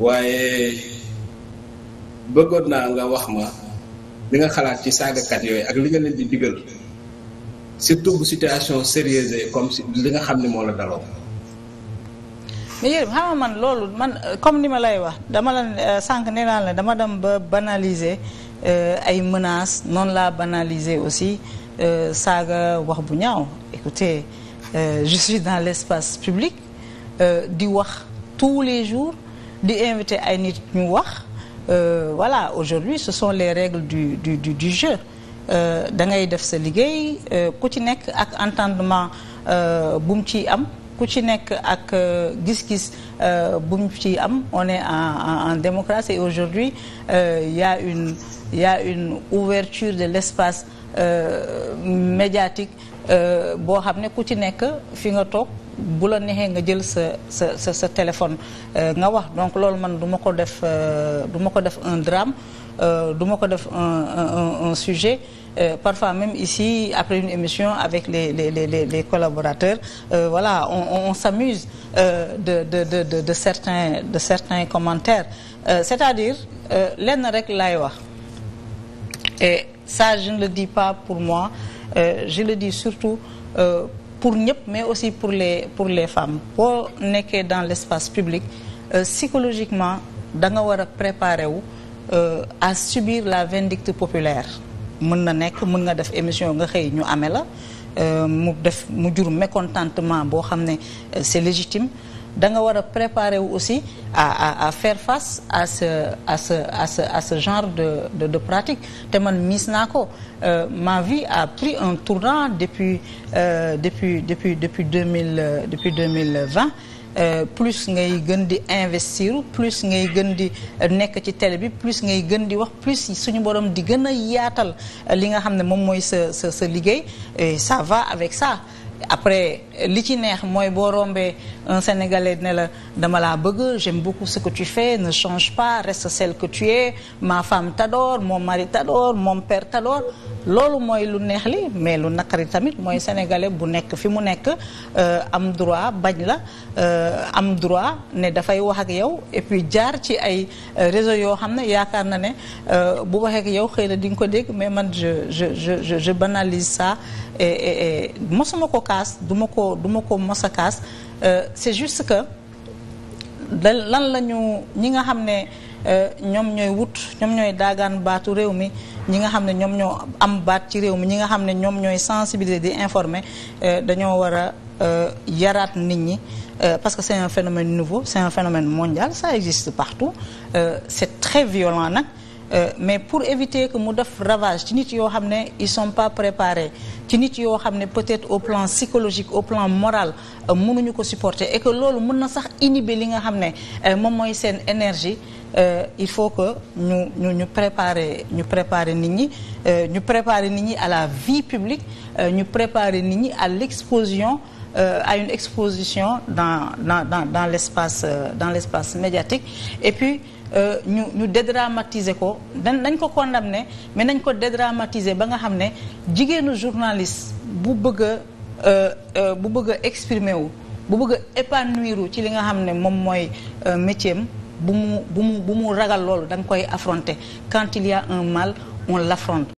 waaye bëggoon naa nga wax ma li nga xalaat ci saagakat yooyu ak li nga leen di digal surtout bu situation sérieuse comme si li nga xam ne moo la daloo. mais Yérim xam nga man loolu man comme ni ma lay wax dama la sànq ne naa la dama dam ba banaliser euh, ay menaces noonu laa banaliser aussi euh, saaga wax bu ñaaw écoutez euh, je suis dans l' espace public di wax tous les jours. di invité ay nit ñu wax euh, voilà aujourd'hui ce sont les règles du du du, du jeu euh, da ngay def sa liggéey euh, ku ci nekk ak entendement bu mu ciy am ku ci nekk ak gis-gis bu mu ciy am on en en, en démocratie et aujourd'hui il y a une il y a une ouverture de l'espace médiatique boo xam ne ku ci nekk fi nga toog bu la neexee nga jël sa sa sa sa téléphone euh, nga wax donc loolu man du ma ko def euh, du ma ko def un drame euh, du ma ko def un un un sujet parfois même ici après une émission avec les les les les collaborateurs voilà on on s'amuse de de de de de certains de certains commentaires c'est-à-dire lenn rek laay wax et ça je ne le dis pas pour moi je le dis surtout. pour ñëpp mais aussi pour les pour les femmes boo nekkee dans l'espace public euh, psychologiquement da nga war a préparer wu euh, à subir la vindicte populaire mën na nekk mën nga def émission nga xëy ñu amee la euh, mu def mu jur mécontentement boo xam ne c'est légitime da nga war a préparer wu aussi à à à faire face à ce à genre de de de pratique te man miis naa ko euh, ma vie a pris un tournant depuis euh, depuis depuis depuis deux mille euh, depuis deux mille vingt euh, plus ngay gën di investir plus ngay gën di nekk ci télé bi plus ngay gën di wax plus suñu borom di gën a yaatal li nga xam ne moom mooy sa sa sa liggéey et ça va avec ça. après li ci neex mooy boo rombee un sénégalais ne la dama laa bëgg j'aime beaucoup ce que tu fais ne change pas reste celle que tu es ma femme t'adore mon mari t'adore mon père t'adore loolu mooy lu neex li mais lu naqari tamit mooy sénégalais bu nekk fi mu nekk euh, am droit bañ la euh, am droit ne dafay wax ak yow et puis jaar ci ay euh, réseau yoo xam ne yaakaar na ne bu waxee ak yow xëy na di ko dégg mais man je je je banalise ça et mosuma ko kaas du ma ko du ma ko mos a kaas euh, c'est juste que lan la ñi nga xam ne euh, ñoom ñooy wut ñoom ñooy daagaan baatu réew mi ñi nga xam ne ñoom ñoo am baat ci réew mi ñi nga xam ne ñoom ñooy sensibiliser di informer euh, dañoo war a yaraat nit ñi parce que c'est un phénomène nouveau c'est un phénomène mondial sa existe partout c'est très violent nag Euh, mais pour éviter que mu def ravage ci nit yoo xam ne ils sont pas préparés ci nit yoo xam ne peut-être au plan psychologique au plan moral euh, mënuñu ko supporter et que loolu mën na sax inhiber li nga xam ne euh, moom mooy seen énergie il faut que ñu ñu ñu préparer ñu préparer nit ñi ñu préparer nit ñi à la vie publique ñu préparer nit ñi à l'explosion euh, à une exposition dans dans dans dans l'espace euh, dans l'espace médiatique et puis euh, ñu ñu dédramatiser ko nañ ko ne mais nañ ko dédramatiser ba nga xam ne jigéenu journaliste bu bëgg a euh, bu bëgg a exprimer wu bu bëgg a épanouir ci li nga xam ne moom mooy métier bu mu bu mu mu ragal loolu da nga koy affronter quand il y a un mal on l'affronte